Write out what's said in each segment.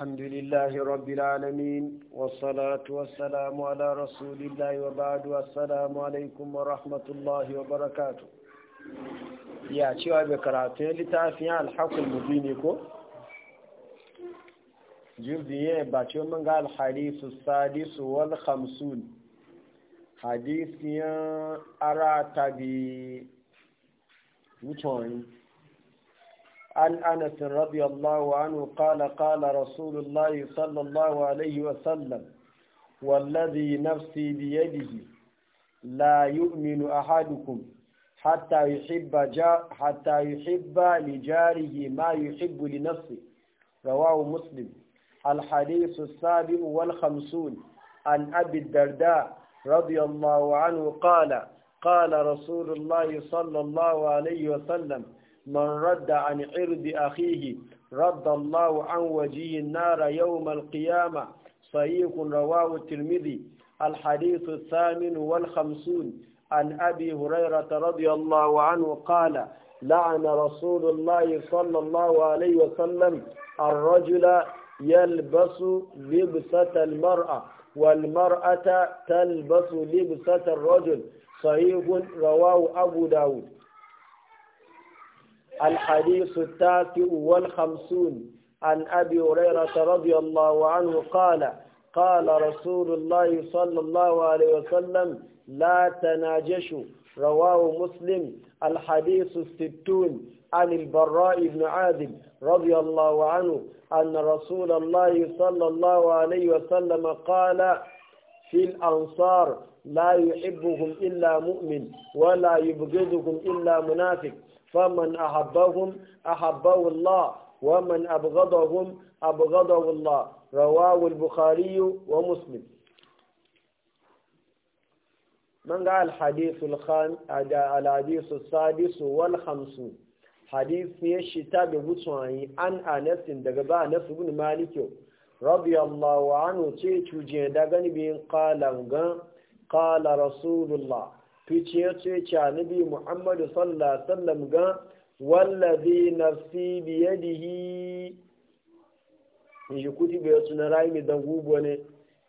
الحمد لله رب العالمين والصلاة والسلام على رسول الله وبعد والسلام عليكم ورحمة الله وبركاته يا شو أبي كراتين بكراتين لتعفيا الحق المبينكو جزية باتيو من قال الحديث السادس والخمسون حديث يا أراتبي وطوين عن أنس رضي الله عنه قال قال رسول الله صلى الله عليه وسلم والذي نفسي بيده لا يؤمن أحدكم حتى يحب جا حتى يحب لجاره ما يحب لنفسه رواه مسلم الحديث السابع والخمسون عن أبي الدرداء رضي الله عنه قال قال رسول الله صلى الله عليه وسلم من رد عن عرض أخيه رد الله عن وجه النار يوم القيامة صحيح رواه الترمذي الحديث الثامن والخمسون عن أبي هريرة رضي الله عنه قال لعن رسول الله صلى الله عليه وسلم الرجل يلبس لبسة المرأة والمرأة تلبس لبسة الرجل صحيح رواه أبو داود الحديث التاسع والخمسون عن أبي هريرة رضي الله عنه قال قال رسول الله صلى الله عليه وسلم لا تناجشوا رواه مسلم الحديث الستون عن البراء بن عازب رضي الله عنه أن رسول الله صلى الله عليه وسلم قال في الأنصار لا يحبهم إلا مؤمن ولا يبغضهم إلا منافق faman ahabbahum ahabbahu Allah ومن أبغضهم أبغضه الله رواه البخاري ومسلم من قال الحديث الخام الحديث السادس والخمسون حديث يشتا بوتواني عن أنس دغبا أنس بن مالك رضي الله عنه تيجو جيدا بين قال قال رسول الله tuciyar ce nabi muhammadu sallallahu alaihi wasallam ga wallazi nafsi biyadihi yi kuti bai suna rayu mai dan gubo ne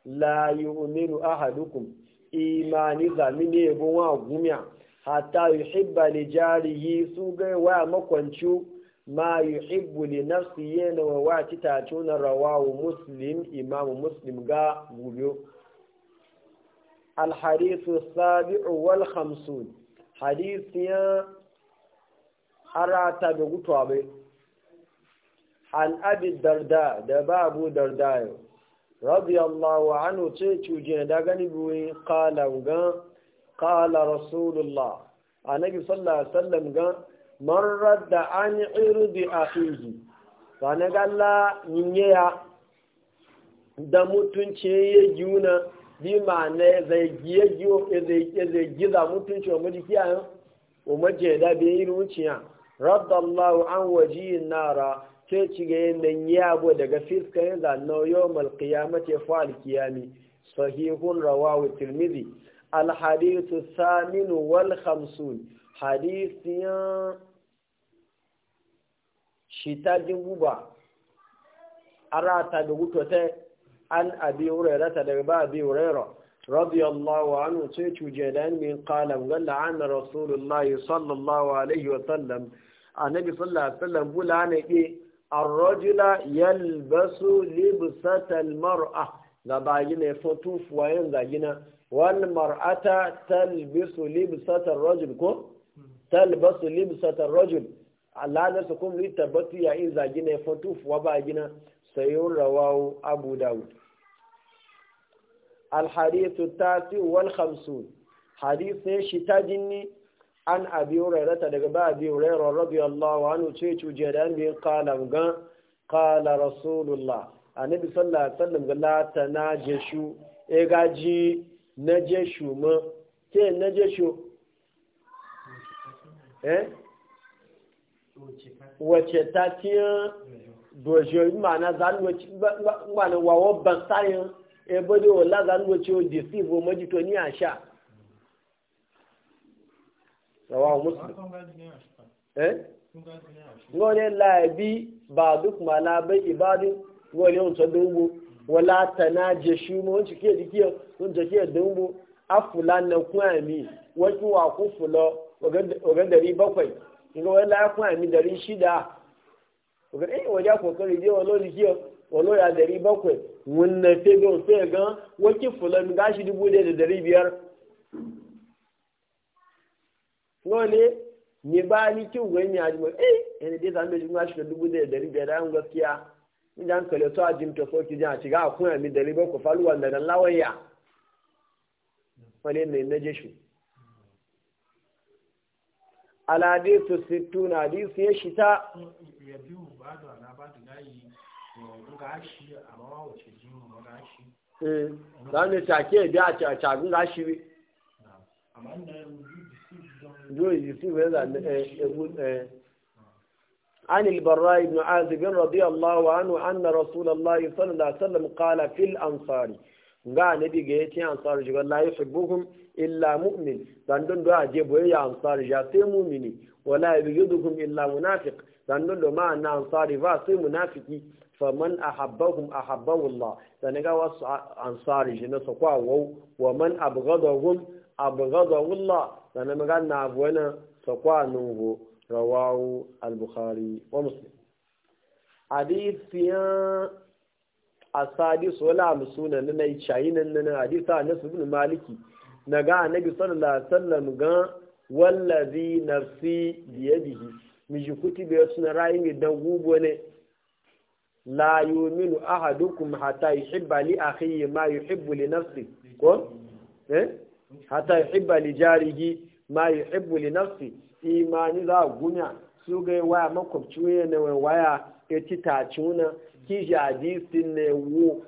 la yu'minu ahadukum imani zami ne yabo wa gumiya hatta yuhibba li jarihi su ga wa makwancu ma yuhibbu li nafsi yana wa wa titacuna rawahu muslim imamu muslim ga gubo الحديث السابع والخمسون حديث يا أراتا بغتوابي عن أبي الدرداء دبا أبو الدرداء رضي الله عنه تيتو جينا بوين قال قال رسول الله النبي صلى الله عليه وسلم قال من رد عن عرض أخيه فأنا قال لا نينيا da mutunci ya yi bi ma ma'ana zai giye giyo zai giza mutunci wa mulki a umarce da bai yi ruciya radallahu an waji nara ke ci ga yin yabo daga fiska yin zanno yau malkiyamata ya fa'al kiyami sahihun rawawu tirmidhi alhadithu saminu wal khamsun hadithiyan shita dubu ba ara da gutote عن أبي هريرة لعباء أبي هريرة رضي الله عنه سيتو جلان من قال وقال عن رسول الله صلى الله عليه وسلم النبي صلى الله عليه وسلم قال عن إيه؟ الرجل يلبس لبسة المرأة لبعين فتوف وين ذاين والمرأة تلبس لبسة الرجل كو تلبس لبسة الرجل على نفسكم لتبطي إذا جنة فتوف وبعين سيون رواه أبو داود الحديث التاسع والخمسون حديث شتا شتاجني عن أبي هريرة لقباء أبي هريرة رضي الله عنه تشيش جران بي قال قال رسول الله النبي صلى الله عليه وسلم قال لا تناجشوا إيجاجي نجشو ما تي نجشو eh wace ta ciye dojo ma'ana zanuwa ma'ana wawo ban sayan ebe da wala za mu ce ni a sha rawahu muslim eh ngone labi ba duk mala bai ibadu ngone on dungu wala tanaje shi mu on cike dikiyo on cike dungu afula na kwami wasu wa ku fulo waga dari bakwai inga wala kwami dari shida waga eh waja kokari je wala dikiyo wano ya dari bakwai wannan sai ga sai ga waki fulan gashi dubu ne da dari biyar wani ne ba ni kin gwani a mai eh yana dai zama jin gashi da dubu ne da dari biyar da yan gaskiya in jan kale su a jimta soki jan a shiga a kuna mi dari bakwai faluwa da nan lawaya wani ne na jeshi aladisu sittuna hadisu ya shita ya shi ta. anilbarra eh, mu take bi a cagun gashi bi yóò yìí sí wẹ́n zà ẹgbú ẹ̀ عن البراء بن عازب رضي الله عنه أن رسول الله صلى الله ga nabi ga yace ansar shiga la yuhibbuhum illa mu'min dan da je boye ansar ja sai mu'mini wala yuhibbuhum illa munafiq sannan da ma'an na ansari ba sai munafiki faman ahabbahum ahabbahullah sannan ga wasu ansari shi na sakwa wau wa man abghadahum abghadahullah sannan maga na wani sakwa nungo rawahu al-bukhari wa muslim hadisiyan asadisu wala hamsuna na nai chayinan nan hadisa na ibn maliki na ga annabi sallallahu alaihi wasallam ga wallazi nafsi biyadihi miji kuti bai suna rayu mai dan gubo ne la yuminu ahadukum hatta yuhibba li akhihi ma yuhibbu li nafsi ko eh hatta yuhibba li jarihi ma yuhibbu li nafsi imani za gunya su ga waya makwabci waya ne waya ya ci cuna. kiji hadisin ne wo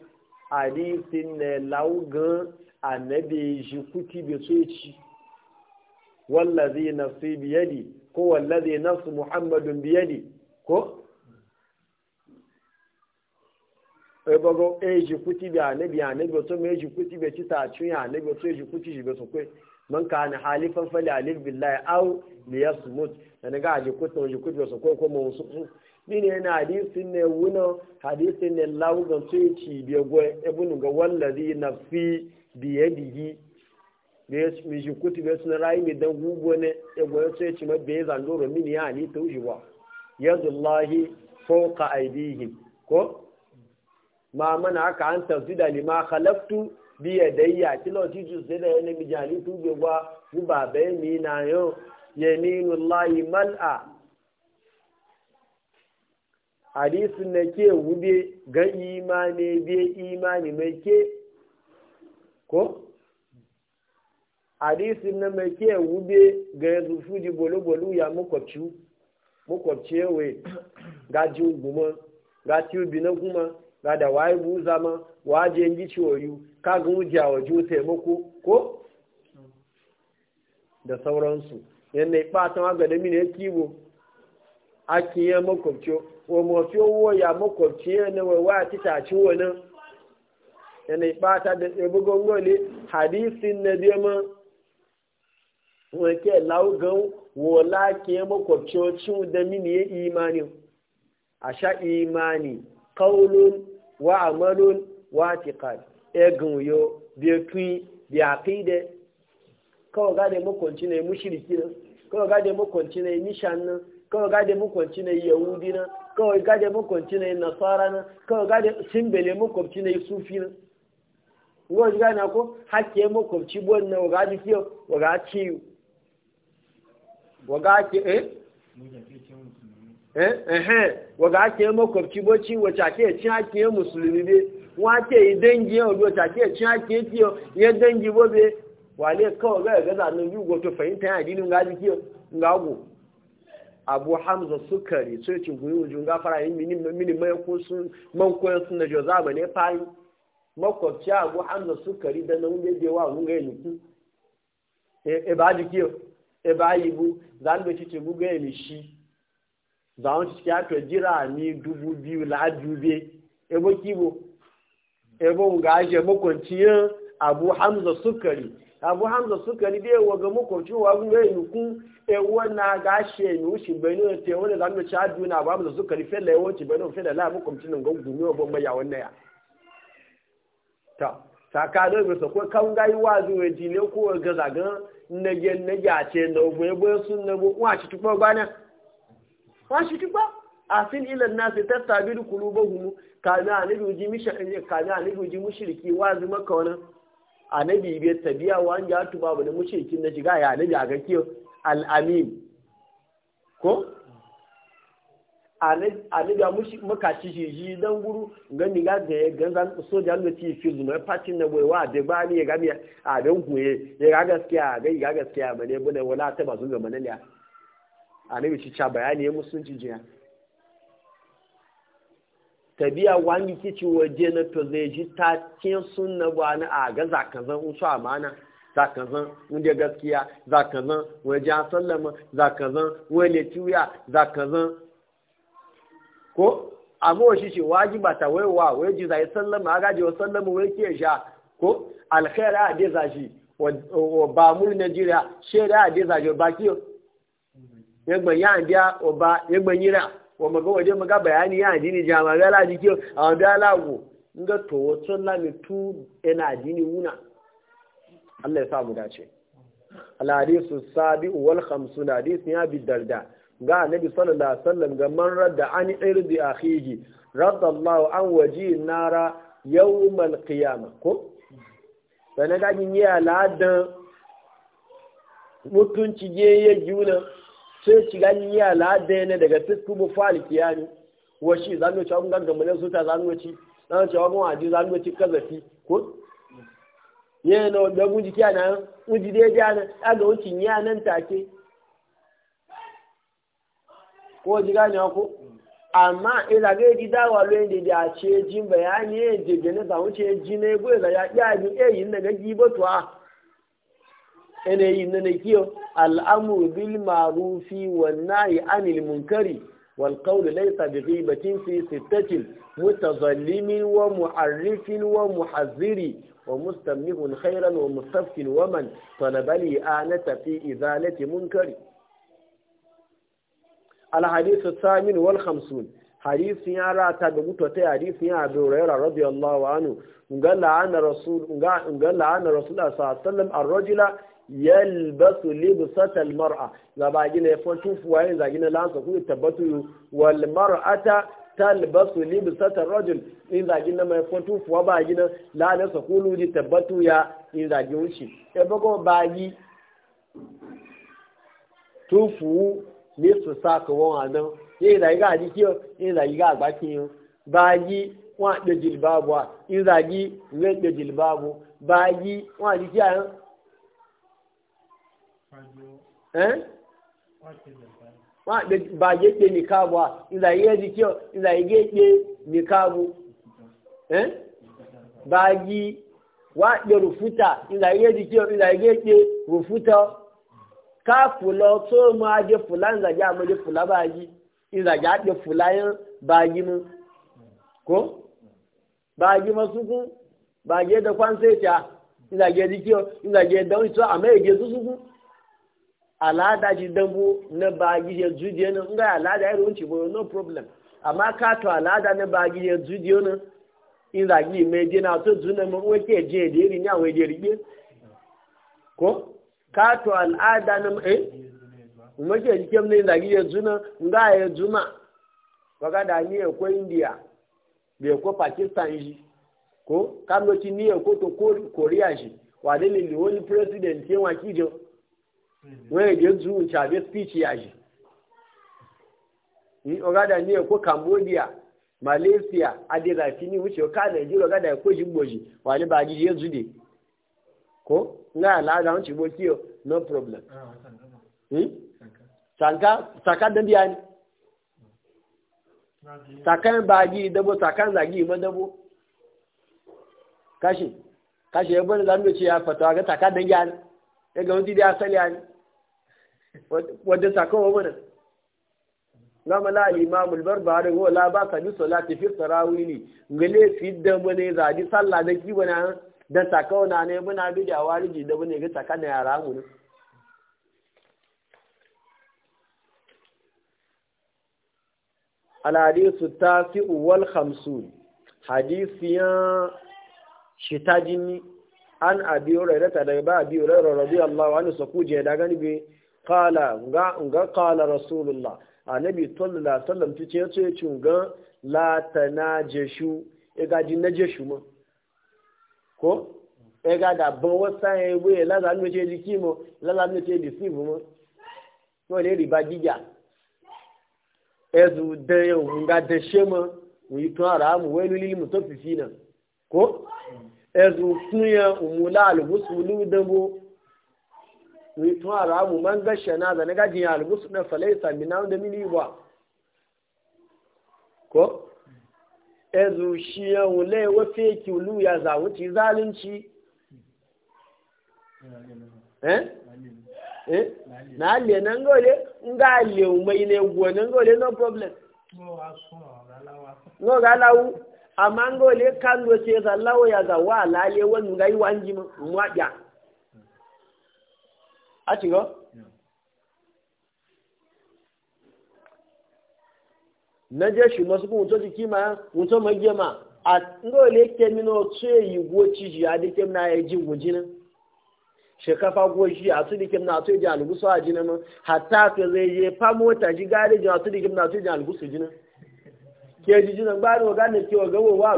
hadisin ne laugan annabi shi kuti bai so ya ci wallazi nafsi biyadi ko wallazi nafsu muhammadun biyadi ko e bago e ji kuti bi anabi anabi to me e, ji kuti be ci ta cin anabi to e, ji kuti ji be so kwe man kana halifan fali alif billahi aw li yasmut dan ga ji kuti ji kuti be so kwe ko mo su ni ne na hadisin ne wuno hadisin ne lawu ga ci bi gwe e bunu ga wallazi nafsi biyadihi da mi ji bai suna rayu mai dan gugu ne e ya goyi sai ci mai bai zando romi ya ni tauji wa yanzu lahi fauka aidihim ko ma mana aka an tafsida ne ma halaftu biya dayya kilo tiju sai da yana mi jani tube gwa guba bai mi na yau yaminu lahi mal'a hadisin na ke wube ga imani bai imani mai ke ko hadisi na mai ke wube ga yanzu fuji bolo-bolo ya makwabci makwabci yawe ga ji guma ga tiubi na guma ga da waye bu zama waje yi ciwoyu ka ga wujiya wa ju maku ko da sauransu yadda ya ɓatan aga da mini ya kibo a kiyan makwabci wa mafi owo ya makwabci yana wai waya tita ci wani yana ya ɓata da tsibigon gole hadisi na biya ma wake laugan wola ke makwabcocin da mini ya imani a sha imani kaulun wa amalun wa tiqad egun yo bi tun bi aqide ko ga de na ne mushriki nan ko ga de na, ne nishan nan na yahudi nan nasara nan simbele makwabci sufi nan na ko hakke makwabci bon na ga di kiyo ga waga ke eh? eh eh eh waga ke makwabci boci wace ake cin ake musulmi be wa ke yi dangi yau do ta ke cin ake tiyo ya dangi bobe wale kawai ga ga zanen yi goto fahimta ya dinin gaji kiyo ngago abu hamza sukari sai cin guyi wujun gafara yin mini mini mai ko sun man koyar sun da jozaba ne fayi makwabci abu hamza sukari da nan da wa mun ga yi nuku e ba ji kiyo e ba yi bu zan da cikin gugu ya mishi zawon cikin ato jira ni dubu biyu la'adube ebo kibo ebo ga aje makwanciyar abu hamza sukari abu hamza sukari dai e ga makwancin wagun ya yi nukun ewa na gashe ni wuce benin te wani zan da cikin ato na abu hamza sukari fela yawon ci benin fela la makwancin nan ga gumi wa bambaya wannan ya ta tsakanin bisa ko kan gai wa zuwa ne ko ga zagan nage na a ce na ogun ebe sun na bu wa shi ba gbana wa shi Asin a sin ilan na sai tatta bi kulu ba hunu kana anabi uji misha eh, kana anabi uji mushriki wazu makka wannan wani anabi bai tabiya wa an ja tuba ba da mushrikin na Ga ya anabi a ga kiyo al-amin ko ale da muka ci shi shi dan guru gani ga da ya soja da ci fi zuma fatin na boyewa da ba ni ya gami a dan kuye ya ga gaskiya ga ga gaskiya ba ne bane wala ta ba zunga manan ya annabi shi cha bayani ya musulunci jiya tabiya wani kici waje na to zai ji ta cin sunna ba na a ga zakazan usu amana zakazan wanda gaskiya zakazan waje sallama zakazan wale tuya zakazan ko a shi ce wajiba ta waiwa wai ji zai sallama aga ji wa sallama wai ke sha ko alkhaira a dai zashi wa ba mu Najeriya sheda a dai zashi ba ki yagban ya andiya wa ba yagban yira wa maga waje maga bayani ya addini jama'a ga la dikio a wanda lawo nga to wato la mi tu ina addini wuna Allah ya sa mu dace al hadisu sabi wal khamsun hadisi ya bi darda ga annabi sallallahu alaihi wasallam ga man radda an irdi akhihi radda Allahu an waji nara yawmal qiyama ko sanan ga yin ya ladan mutunci je ya juna sai ci ga yin ya ladan ne daga fisku bu fal kiyami wa shi zan ga cewa gangan mun su ta zan ci zan cewa mun aji zan ci kazafi ko yana da mun ji kiyana mun ji dai jana aga wucin nan take ko ji gane ko amma ila ga yi dawa lóyìn da ce jin bayani ya jirgin na samu ce ji ne go da ya ya ji e yin daga gibatuwa ina yin na ne kiyo al'amur bil marufi wan nahi anil munkari wal qawl laysa bi ghibatin fi sittatin mutazallimin wa mu'arrifin wa muhazziri wa mustamnihun khairan wa mustafkin wa man talabali anata fi izalati munkari alhadisu samin wal hamsin hadisin ya rata da mutu ta hadisin ya abu raira rabi anhu ga la'ana rasul ga la'ana rasul sallam ar-rajula yalbasu libsatal mar'a zabagina ya fontu fuwaye zagina lansa ku tabbatu wal mar'ata talbasu libsatar rajul in zagi na mai fatu tufuwa ba gina la na sakulu ji tabbatu ya in zagi wuce e bago bagi tufu nítorí sáàkì wọn àná ní ìlàyíká àdíkí ní ìlàyíká àgbákí yìí báyí wọn àpè jìlìbáàbò à ìlàyí ìwé àpè jìlìbáàbò báyí wọn àdíkí àná. wọn àpè báyé pé nìkaàbò à ìlàyí àdíkí ìlàyí pé nìkaàbò báyí wọn àpè rùfútà ìlàyí àdíkí ìlàyí pé rùfútà. ka fula to mu aje fula in zage mu je fula ba yi in zage aje fula yin ba yi mu ko ba yi masu ku ba ge da kwan sai ta in zage dikiyo in zage da wani to amma yake su su alada ji dambu na ba yi je judiyo na nga alada ya runci boyo no problem amma ka to alada na ba yi je judiyo na in zage mai je na to juna mu wake je da iri nya wai je ribe ko kato al'ada na eh umarci jikin ne zagi ya zuna nga ya zuma waka da ni ya ko india bai ko pakistan ji, ko kamoci ni ya ko to korea shi wa ne lili wani president ya waki jo wani ya zu chabe speech ya shi ni waka da ni ya ko cambodia malaysia adirafi ni wuce ka nigeria waka da ya ko jigbo shi wa ni ba gidi ya zude ko nga al'ada wancin bokiyo no problem ah, Sanka? Hmm? sakan da biya ne sakan bagi dabo sakan zagi ma dabo kashi kashi ya bane zamu ce ya fata ga sakan da biya ne ya e ga wani da asali ya ne wadda sakan wa bane gama la al-imam al-barbari wa la ba ka bi salati fi tarawili ngale fi da bane zadi sallah da ki bana da saka na ne muna bi da wariji da bune ga saka na yara mu ne alhadisu ta fi uwal hamsun hadisiyan shitajini an abi hurairata da ba abi hurairata radiyallahu anhu sa kuje da gani be qala ga ga qala rasulullah annabi sallallahu alaihi wasallam ce ce cin ga la tanajashu e ga jin najashu ma ko e ga da bon wasa e we la la no che dikimo la la no che disivu mo no le riba jija ezu de yo nga de shema wi to ara mu we lu limu to fifina ko ezu kunya umula al busulu dambo wi to ara mu man ga shana da na ga jin al busu da falaisa minan da mini ba ko ezu shi ya wule wafe kilu ya zawuci zalunci eh eh na le nan gole nga le mai ne go nan gole no problem no ga lawu amma gole kan go ce za lawo ya za wa lale wannan gai wanji mu waja a ci go na je ṣùgbọ́n masu fún mutu jiki ma mutu magema a dole ke mino ce yi goci ji a dikin na ya ji goji nan shekafa goji a su dikin na su ji algusu a ji zai ji garejin a su na ba ni gane ke wa wa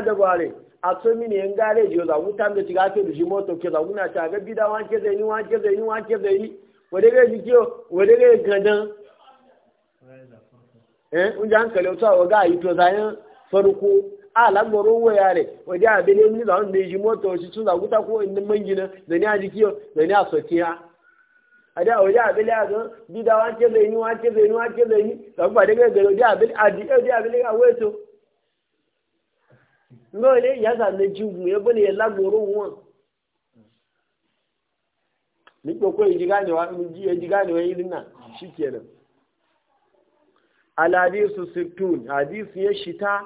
daga da da shiga ke da shi moto ke wuna ta ga bida wanke zai wanke zai wanke zai yi wadage jikiyo yi gadan eh unja hankali wata waga yi to zayen farko a lagbaro waya yare, waje a bele ni zawon da yi moto, wasu tun zaguta ko inda mangina da ni a jikiyo da ni a sokiya a da waje a bele a zan bida wace zai ni wace zai ni wace zai ni zagu ba daga gari waje a bele a jikiyo eh, waje a bele a weto ngole ya zane jiwu ya bane ya lagbaro wani duk ko kawai ji ganewa in ji ya ji ganewa irin nan shi kenan alhadisu sittun hadisu ya shita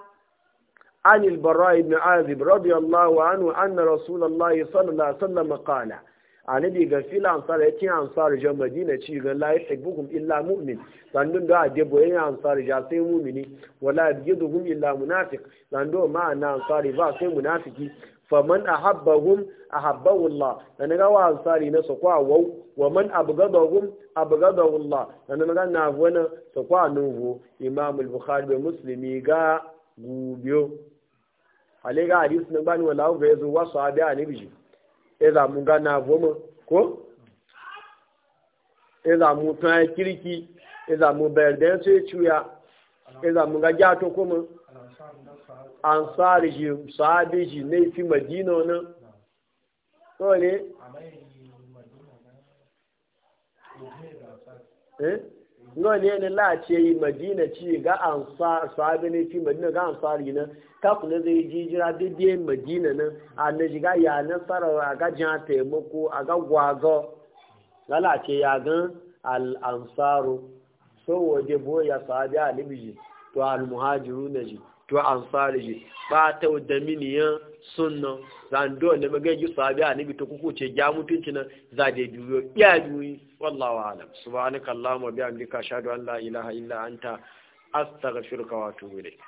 anil bara ibn azib radiyallahu anhu anna rasulullahi sallallahu alaihi wasallam qala ani bi gafila ansar ya ci ansar jan madina ci ga la yakbukum illa mu'min sandun da de boye ansar ja sai mu'mini wala yajiduhum illa munafiq sandu ma'ana ansari ba sai munafiki a ahabbahum ahabbahu Allah dan ga wa ansari na so kwa wau wa man abgadahum abgadahu Allah dan ga na wana so kwa nuhu imam al-bukhari da muslimi ga gubiyo ale ga hadis na bani wala ga yazo wa sahabi anibiji eza mun ga na voma ko eza mu tan kiriki eza mu berden sai chuya eza mun ga jato kuma ansari ji sahabi ji na fi madina wani so ne eh? no ne ne la ce yi madina ci ga ansar sabi ne fi madina ga ansari nan kafin da zai ji jira daidai madina nan a na shiga ya nasara a ga jan taimako a ga gwazo lalace ya gan al'ansaro so waje boya sabi a libiji to al-muhajiru na ji to ansari ba ta da miniyan sunna zando ne maga ji sabi a nabi ta kuku ce ja mutunci nan za da biyu ya biyo wallawa alam subhanakallahumma bihamdika ashhadu an la ilaha illa anta astaghfiruka wa atubu ilayk